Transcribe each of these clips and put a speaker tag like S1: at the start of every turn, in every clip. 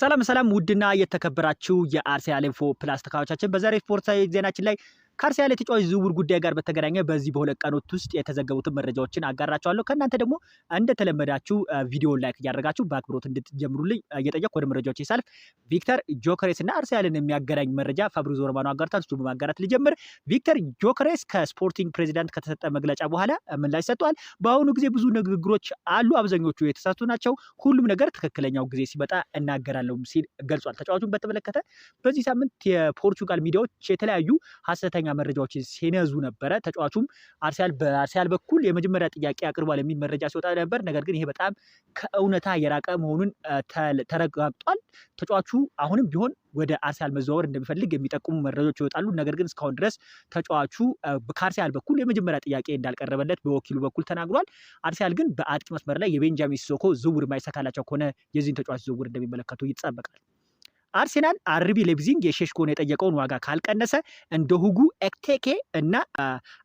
S1: ሰላም ሰላም ውድና የተከበራችሁ የአርሰናል ኢንፎ ፕላስ ተካዮቻችን በዛሬ ስፖርታዊ ዜናችን ላይ ከአርሰናል የተጫዋች ዝውውር ጉዳይ ጋር በተገናኘ በዚህ በሁለት ቀኖት ውስጥ የተዘገቡትን መረጃዎችን አጋራቸዋለሁ። ከእናንተ ደግሞ እንደተለመዳችሁ ቪዲዮ ላይክ እያደረጋችሁ በአክብሮት እንድትጀምሩልኝ እየጠየቅ ወደ መረጃዎች ይሳልፍ። ቪክተር ጆከሬስ እና አርሰናልን የሚያገናኝ መረጃ ፋብሪዞ ሮማኖ አጋርታል። እሱ በማጋራት ልጀምር። ቪክተር ጆከሬስ ከስፖርቲንግ ፕሬዚዳንት ከተሰጠ መግለጫ በኋላ ምላሽ ሰጥቷል። በአሁኑ ጊዜ ብዙ ንግግሮች አሉ፣ አብዛኞቹ የተሳቱ ናቸው። ሁሉም ነገር ትክክለኛው ጊዜ ሲመጣ እናገራለሁ ሲል ገልጿል። ተጫዋቹን በተመለከተ በዚህ ሳምንት የፖርቹጋል ሚዲያዎች የተለያዩ ሀሰተኛ ሀሰተኛ መረጃዎች ሲነዙ ነበረ። ተጫዋቹም አርሰናል በአርሰናል በኩል የመጀመሪያ ጥያቄ አቅርቧል የሚል መረጃ ሲወጣ ነበር። ነገር ግን ይሄ በጣም ከእውነታ የራቀ መሆኑን ተረጋግጧል። ተጫዋቹ አሁንም ቢሆን ወደ አርሰናል መዘዋወር እንደሚፈልግ የሚጠቁሙ መረጃዎች ይወጣሉ። ነገር ግን እስካሁን ድረስ ተጫዋቹ ከአርሰናል በኩል የመጀመሪያ ጥያቄ እንዳልቀረበለት በወኪሉ በኩል ተናግሯል። አርሰናል ግን በአጥቂ መስመር ላይ የቤንጃሚን ሲሶኮ ዝውውር የማይሳካላቸው ከሆነ የዚህን ተጫዋች ዝውውር እንደሚመለከቱ ይጠበቃል። አርሴናል አርቢ ሌብዚንግ የሼሽኮን የጠየቀውን ዋጋ ካልቀነሰ እንደ ሁጉ ኤክቴኬ እና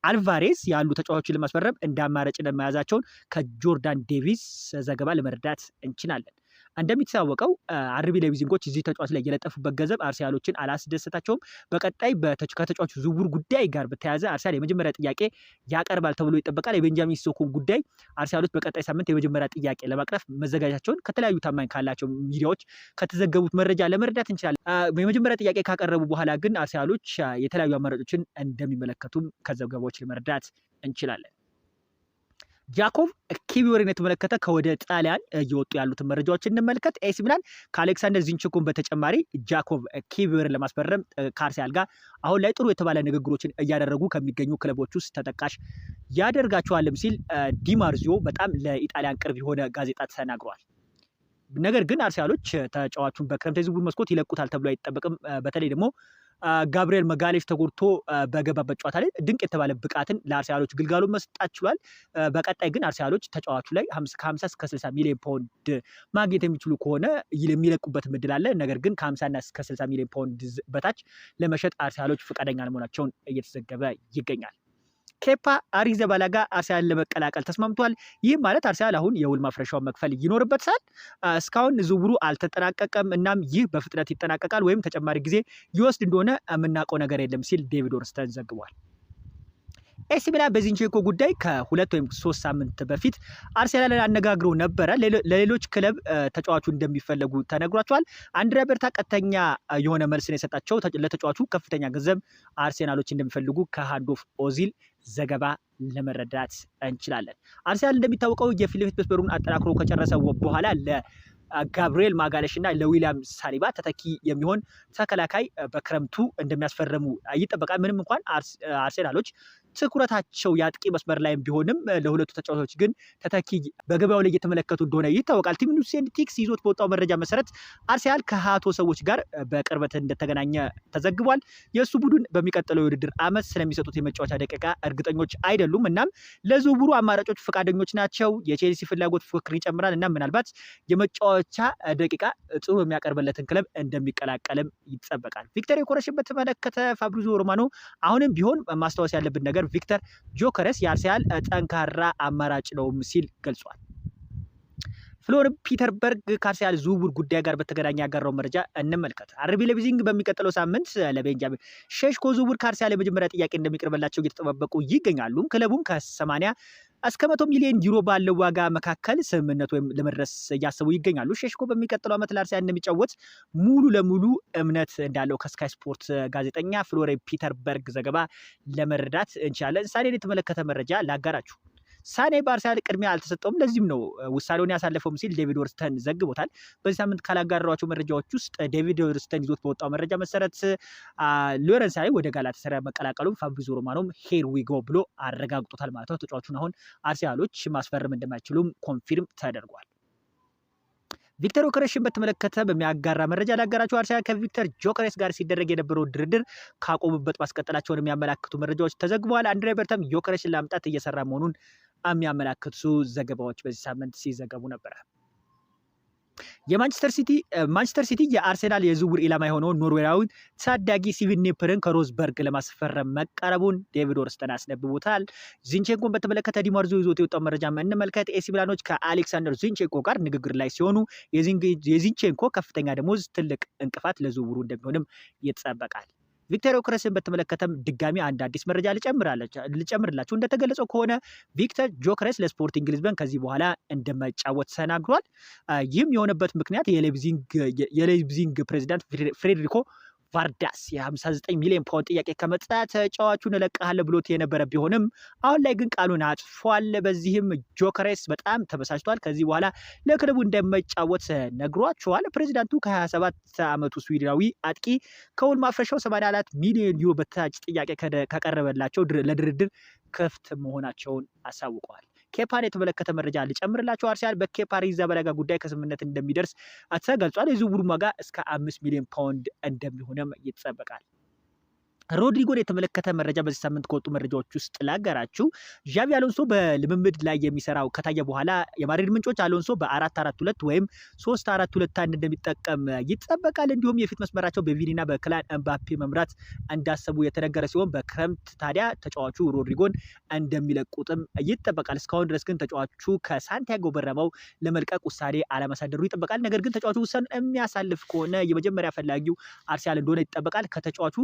S1: አልቫሬዝ ያሉ ተጫዋቾችን ለማስፈረም እንደ አማራጭ ለመያዛቸውን ከጆርዳን ዴቪስ ዘገባ ለመረዳት እንችላለን። እንደሚታወቀው አርቢ ላይፕዚጎች እዚህ ተጫዋች ላይ የለጠፉበት ገንዘብ አርሰናሎችን አላስደሰታቸውም። በቀጣይ ከተጫዋቹ ዝውውር ጉዳይ ጋር በተያያዘ አርሰናል የመጀመሪያ ጥያቄ ያቀርባል ተብሎ ይጠበቃል። የቤንጃሚን ሲስኮን ጉዳይ አርሰናሎች በቀጣይ ሳምንት የመጀመሪያ ጥያቄ ለማቅረብ መዘጋጀታቸውን ከተለያዩ ታማኝ ካላቸው ሚዲያዎች ከተዘገቡት መረጃ ለመረዳት እንችላለን። የመጀመሪያ ጥያቄ ካቀረቡ በኋላ ግን አርሰናሎች የተለያዩ አማራጮችን እንደሚመለከቱም ከዘገባዎች ለመረዳት እንችላለን። ጃኮብ ኪዊዮርን የተመለከተ ከወደ ጣሊያን እየወጡ ያሉትን መረጃዎች እንመልከት። ኤሲ ሚላን ከአሌክሳንደር ዚንችኩን በተጨማሪ ጃኮብ ኪዊዮርን ለማስፈረም ከአርሰናል ጋር አሁን ላይ ጥሩ የተባለ ንግግሮችን እያደረጉ ከሚገኙ ክለቦች ውስጥ ተጠቃሽ ያደርጋቸዋልም ሲል ዲማርዚዮ በጣም ለኢጣሊያን ቅርብ የሆነ ጋዜጣ ተናግሯል። ነገር ግን አርሰናሎች ተጫዋቹን በክረምት የዝውውር መስኮት ይለቁታል ተብሎ አይጠበቅም። በተለይ ደግሞ ጋብሪኤል መጋሌሽ ተጎድቶ በገባበት ጨዋታ ላይ ድንቅ የተባለ ብቃትን ለአርሰናሎች ግልጋሎ መስጣት ችሏል። በቀጣይ ግን አርሰናሎች ተጫዋቹ ላይ ከ50 እስከ 60 ሚሊዮን ፓውንድ ማግኘት የሚችሉ ከሆነ የሚለቁበት ምድል አለ። ነገር ግን ከ50ና እስከ 60 ሚሊዮን ፓውንድ በታች ለመሸጥ አርሰናሎች ፈቃደኛ ለመሆናቸውን እየተዘገበ ይገኛል። ኬፓ አሪዘባላጋ አርሰናል ለመቀላቀል ተስማምቷል። ይህ ማለት አርሰናል አሁን የውል ማፍረሻውን መክፈል ይኖርበታል። እስካሁን ዝውውሩ አልተጠናቀቀም። እናም ይህ በፍጥነት ይጠናቀቃል ወይም ተጨማሪ ጊዜ ይወስድ እንደሆነ የምናውቀው ነገር የለም ሲል ዴቪድ ኦርንስተን ዘግቧል። ኤሲ ሚላን በዚንቼንኮ ጉዳይ ከሁለት ወይም ሶስት ሳምንት በፊት አርሴናልን አነጋግረው ነበረ። ለሌሎች ክለብ ተጫዋቹ እንደሚፈለጉ ተነግሯቸዋል። አንድሪያ በርታ ቀጥተኛ የሆነ ነው የሰጣቸው ለተጫዋቹ ከፍተኛ ገንዘብ አርሴናሎች እንደሚፈልጉ ከሃንድ ኦፍ ኦዚል ዘገባ ለመረዳት እንችላለን። አርሴናል እንደሚታወቀው የፊት ለፊት መስመሩን አጠናክሮ ከጨረሰ በኋላ ለጋብርኤል ማጋለሽ እና ለዊሊያም ሳሊባ ተተኪ የሚሆን ተከላካይ በክረምቱ እንደሚያስፈርሙ ይጠበቃል። ምንም እንኳን አርሴናሎች ትኩረታቸው የአጥቂ መስመር ላይም ቢሆንም ለሁለቱ ተጫዋቾች ግን ተተኪ በገበያው ላይ እየተመለከቱ እንደሆነ ይታወቃል። ቲም ኑሴን ቲክስ ይዞት በወጣው መረጃ መሰረት አርሰናል ከሀቶ ሰዎች ጋር በቅርበት እንደተገናኘ ተዘግቧል። የእሱ ቡድን በሚቀጥለው የውድድር አመት ስለሚሰጡት የመጫወቻ ደቂቃ እርግጠኞች አይደሉም። እናም ለዝውውሩ አማራጮች ፈቃደኞች ናቸው። የቼልሲ ፍላጎት ፉክክር ይጨምራል እና ምናልባት የመጫወቻ ደቂቃ ጥሩ የሚያቀርብለትን ክለብ እንደሚቀላቀልም ይጠበቃል። ቪክተር የኮረሽን በተመለከተ ፋብሪዞ ሮማኖ አሁንም ቢሆን ማስታወስ ያለብን ነገር ቪክተር ጆከረስ የአርሰናል ጠንካራ አማራጭ ነውም ሲል ገልጿል። ስለሆነም ፒተርበርግ ካርሲያል ዝውውር ጉዳይ ጋር በተገናኘ ያጋራው መረጃ እንመልከት። አርቢ ለቢዚንግ በሚቀጥለው ሳምንት ለቤንጃሚን ሼሽኮ ዝውውር ካርሲያል የመጀመሪያ ጥያቄ እንደሚቀርብላቸው እየተጠባበቁ ይገኛሉ። ክለቡም ከ80 እስከ መቶ ሚሊዮን ዩሮ ባለው ዋጋ መካከል ስምምነት ወይም ለመድረስ እያሰቡ ይገኛሉ። ሼሽኮ በሚቀጥለው ዓመት ለአርሰናል እንደሚጫወት ሙሉ ለሙሉ እምነት እንዳለው ከስካይ ስፖርት ጋዜጠኛ ፍሎሬ ፒተርበርግ ዘገባ ለመረዳት እንችላለን። ሳኔን የተመለከተ መረጃ ላጋራችሁ። ሳኔ በአርሰናል ቅድሚያ አልተሰጠውም። ለዚህም ነው ውሳኔውን ያሳለፈውም ሲል ዴቪድ ወርስተን ዘግቦታል። በዚህ ሳምንት ካላጋራቸው መረጃዎች ውስጥ ዴቪድ ወርስተን ይዞት በወጣው መረጃ መሰረት ሎረንስ ላይ ወደ ጋላታሳራይ መቀላቀሉም ፋብሪዞ ሮማኖም ሄር ዊጎ ብሎ አረጋግጦታል ማለት ነው። ተጫዋቹን አሁን አርሰናሎች ማስፈረም እንደማይችሉም ኮንፊርም ተደርጓል። ቪክተር ዮከሬስን በተመለከተ በሚያጋራ መረጃ ላጋራቸው አርሰናል ከቪክተር ጆከሬስ ጋር ሲደረግ የነበረው ድርድር ካቆሙበት ማስቀጠላቸውን የሚያመላክቱ መረጃዎች ተዘግበዋል። አንድሪያ በርተም ዮከሬስን ለማምጣት እየሰራ መሆኑን የሚያመላክቱ ዘገባዎች በዚህ ሳምንት ሲዘገቡ ነበረ። የማንቸስተር ሲቲ ማንቸስተር ሲቲ የአርሴናል የዝውውር ኢላማ የሆነውን ኖርዌያዊ ታዳጊ ስቲቨን ኔፕርን ከሮዝበርግ ለማስፈረም መቀረቡን ዴቪድ ኦርንስተን አስነብቦታል። ዚንቼንኮን በተመለከተ ዲማርዞ ይዞት የወጣው መረጃ እንመልከት። ኤሲ ሚላኖች ከአሌክሳንደር ዚንቼንኮ ጋር ንግግር ላይ ሲሆኑ የዚንቼንኮ ከፍተኛ ደሞዝ ትልቅ እንቅፋት ለዝውውሩ እንደሚሆንም ይጠበቃል። ቪክተር ዮከረስን በተመለከተም ድጋሚ አንድ አዲስ መረጃ ልጨምርላችሁ። እንደተገለጸው ከሆነ ቪክተር ጆከረስ ለስፖርቲንግ ሊዝበን ከዚህ በኋላ እንደማይጫወት ተናግሯል። ይህም የሆነበት ምክንያት የሌብዚንግ ፕሬዚዳንት ፍሬድሪኮ ቫርዳስ የ59 ሚሊዮን ፓውንድ ጥያቄ ከመጣ ተጫዋቹን እለቅሃለሁ ብሎት የነበረ ቢሆንም አሁን ላይ ግን ቃሉን አጥፏል። በዚህም ጆከሬስ በጣም ተበሳጭቷል። ከዚህ በኋላ ለክለቡ እንደመጫወት ነግሯቸዋል። ፕሬዚዳንቱ ከ27 ዓመቱ ስዊድናዊ አጥቂ ከውል ማፍረሻው 84 ሚሊዮን ዩሮ በታች ጥያቄ ከቀረበላቸው ለድርድር ክፍት መሆናቸውን አሳውቀዋል። ኬፓን የተመለከተ መረጃ ልጨምርላቸው። አርሰናል በኬፓ አሪዛባላጋ ጋር ጉዳይ ከስምምነት እንደሚደርስ ተገልጿል። የዝውውሩ ዋጋ እስከ አምስት ሚሊዮን ፓውንድ እንደሚሆንም ይጠበቃል። ሮድሪጎን የተመለከተ መረጃ በዚህ ሳምንት ከወጡ መረጃዎች ውስጥ ላገራችሁ። ዣቪ አሎንሶ በልምምድ ላይ የሚሰራው ከታየ በኋላ የማድሪድ ምንጮች አሎንሶ በአራት አራት ሁለት ወይም ሶስት አራት ሁለት አንድ እንደሚጠቀም ይጠበቃል። እንዲሁም የፊት መስመራቸው በቪኒና በክላን እምባፔ መምራት እንዳሰቡ የተነገረ ሲሆን በክረምት ታዲያ ተጫዋቹ ሮድሪጎን እንደሚለቁጥም ይጠበቃል። እስካሁን ድረስ ግን ተጫዋቹ ከሳንቲያጎ በረመው ለመልቀቅ ውሳኔ አለማሳደሩ ይጠበቃል። ነገር ግን ተጫዋቹ ውሳኔን የሚያሳልፍ ከሆነ የመጀመሪያ ፈላጊው አርሲያል እንደሆነ ይጠበቃል። ከተጫዋቹ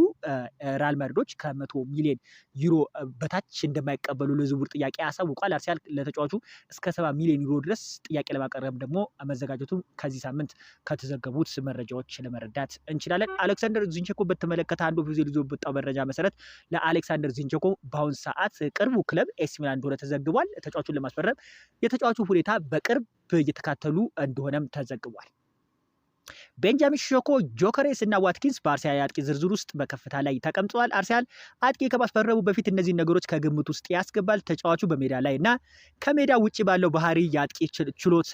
S1: ሪያል ማድሪዶች ከመቶ ሚሊዮን ዩሮ በታች እንደማይቀበሉ ለዝውውር ጥያቄ አሳውቋል። አርሲያል ለተጫዋቹ እስከ ሰባ ሚሊዮን ዩሮ ድረስ ጥያቄ ለማቀረብ ደግሞ መዘጋጀቱን ከዚህ ሳምንት ከተዘገቡት መረጃዎች ለመረዳት እንችላለን። አሌክሳንደር ዚንቸኮ በተመለከተ አንዱ ጊዜ ልጆ በወጣው መረጃ መሰረት ለአሌክሳንደር ዚንቸኮ በአሁን ሰዓት ቅርቡ ክለብ ኤሲ ሚላን እንደሆነ ተዘግቧል። ተጫዋቹን ለማስፈረም የተጫዋቹ ሁኔታ በቅርብ እየተካተሉ እንደሆነም ተዘግቧል። ቤንጃሚን ሾኮ፣ ጆከሬስ እና ዋትኪንስ በአርሰናል የአጥቂ ዝርዝር ውስጥ በከፍታ ላይ ተቀምጠዋል። አርሰናል አጥቂ ከማስፈረሙ በፊት እነዚህን ነገሮች ከግምት ውስጥ ያስገባል። ተጫዋቹ በሜዳ ላይ እና ከሜዳ ውጭ ባለው ባህሪ፣ የአጥቂ ችሎታ፣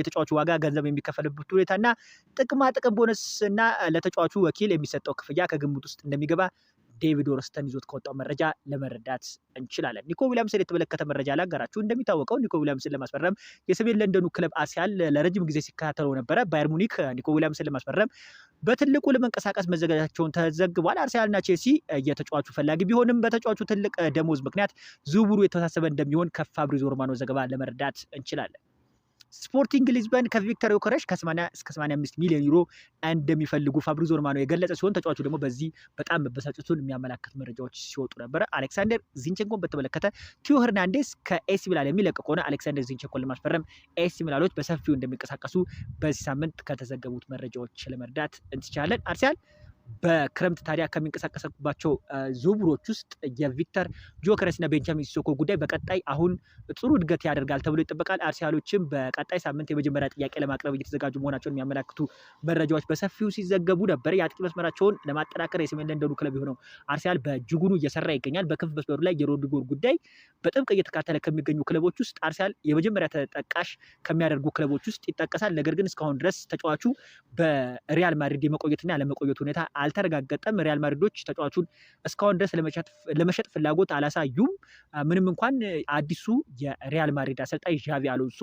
S1: የተጫዋቹ ዋጋ፣ ገንዘብ የሚከፈልበት ሁኔታ እና ጥቅማ ጥቅም ቦነስ እና ለተጫዋቹ ወኪል የሚሰጠው ክፍያ ከግምት ውስጥ እንደሚገባ ዴቪድ ወርስተን ይዞት ከወጣው መረጃ ለመረዳት እንችላለን። ኒኮ ዊሊያምስን የተመለከተ መረጃ ላጋራችሁ። እንደሚታወቀው ኒኮ ዊሊያምስን ለማስፈረም የሰሜን ለንደኑ ክለብ አርሰናል ለረጅም ጊዜ ሲከታተለው ነበረ። ባየር ሙኒክ ኒኮ ዊሊያምስን ለማስፈረም በትልቁ ለመንቀሳቀስ መዘጋጀታቸውን ተዘግቧል። አርሰናልና ቼልሲ የተጫዋቹ ፈላጊ ቢሆንም በተጫዋቹ ትልቅ ደሞዝ ምክንያት ዝውውሩ የተወሳሰበ እንደሚሆን ከፋብሪዞ ሮማኖ ዘገባ ለመረዳት እንችላለን። ስፖርቲንግ ሊዝበን ከቪክተር ዮከረሽ ከ80 እስከ 85 ሚሊዮን ዩሮ እንደሚፈልጉ ፋብሪዞ ሮማኖ የገለጸ ሲሆን ተጫዋቹ ደግሞ በዚህ በጣም መበሳጨቱን የሚያመላክት መረጃዎች ሲወጡ ነበረ። አሌክሳንደር ዚንቼንኮን በተመለከተ ቲዮ ሄርናንዴስ ከኤሲ ሚላን የሚለቅ ከሆነ አሌክሳንደር ዚንቼንኮን ለማስፈረም ኤሲ ሚላኖች በሰፊው እንደሚንቀሳቀሱ በዚህ ሳምንት ከተዘገቡት መረጃዎች ለመርዳት እንችላለን። አርሲያል በክረምት ታዲያ ከሚንቀሳቀሰባቸው ዝውውሮች ውስጥ የቪክተር ጆከረስ እና ቤንጃሚን ሲሶኮ ጉዳይ በቀጣይ አሁን ጥሩ እድገት ያደርጋል ተብሎ ይጠበቃል። አርሰናሎችም በቀጣይ ሳምንት የመጀመሪያ ጥያቄ ለማቅረብ እየተዘጋጁ መሆናቸውን የሚያመላክቱ መረጃዎች በሰፊው ሲዘገቡ ነበር። የአጥቂ መስመራቸውን ለማጠናከር የሰሜን ለንደኑ ክለብ የሆነው አርሰናል በጅጉኑ እየሰራ ይገኛል። በክንፍ መስመሩ ላይ የሮድሪጎን ጉዳይ በጥብቅ እየተካተለ ከሚገኙ ክለቦች ውስጥ አርሰናል የመጀመሪያ ተጠቃሽ ከሚያደርጉ ክለቦች ውስጥ ይጠቀሳል። ነገር ግን እስካሁን ድረስ ተጫዋቹ በሪያል ማድሪድ የመቆየትና ያለመቆየት ሁኔታ አልተረጋገጠም። ሪያል ማድሪዶች ተጫዋቹን እስካሁን ድረስ ለመሸጥ ፍላጎት አላሳዩም። ምንም እንኳን አዲሱ የሪያል ማድሪድ አሰልጣኝ ዣቪ አሎንሶ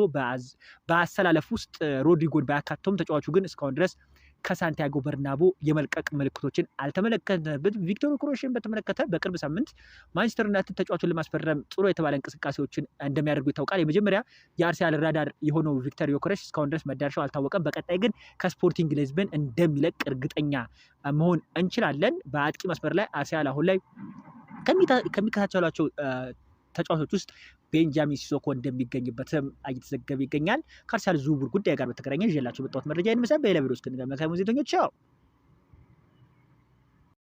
S1: በአሰላለፍ ውስጥ ሮድሪጎን ባያካተውም ተጫዋቹ ግን እስካሁን ድረስ ከሳንቲያጎ በርናቦ የመልቀቅ ምልክቶችን አልተመለከተበት። ቪክቶር ክሮሽን በተመለከተ በቅርብ ሳምንት ማንቸስተር ዩናይትድ ተጫዋቹን ለማስፈረም ጥሩ የተባለ እንቅስቃሴዎችን እንደሚያደርጉ ይታወቃል። የመጀመሪያ የአርሰናል ራዳር የሆነው ቪክተር ዮከረስ እስካሁን ድረስ መዳረሻው አልታወቀም። በቀጣይ ግን ከስፖርቲንግ ሊዝበን እንደሚለቅ እርግጠኛ መሆን እንችላለን። በአጥቂ መስመር ላይ አርሰናል አሁን ላይ ከሚከታተሏቸው ተጫዋቾች ውስጥ ቤንጃሚን ሲሶኮ እንደሚገኝበትም እየተዘገበ ይገኛል። ከአርሰናል ዝውውር ጉዳይ ጋር በተገናኘ ይዤላችሁ የመጣሁት መረጃ ይህን መሰል። በሌላ ቪዲዮ እስክንገናኝ መልካም ጊዜ ተኞች።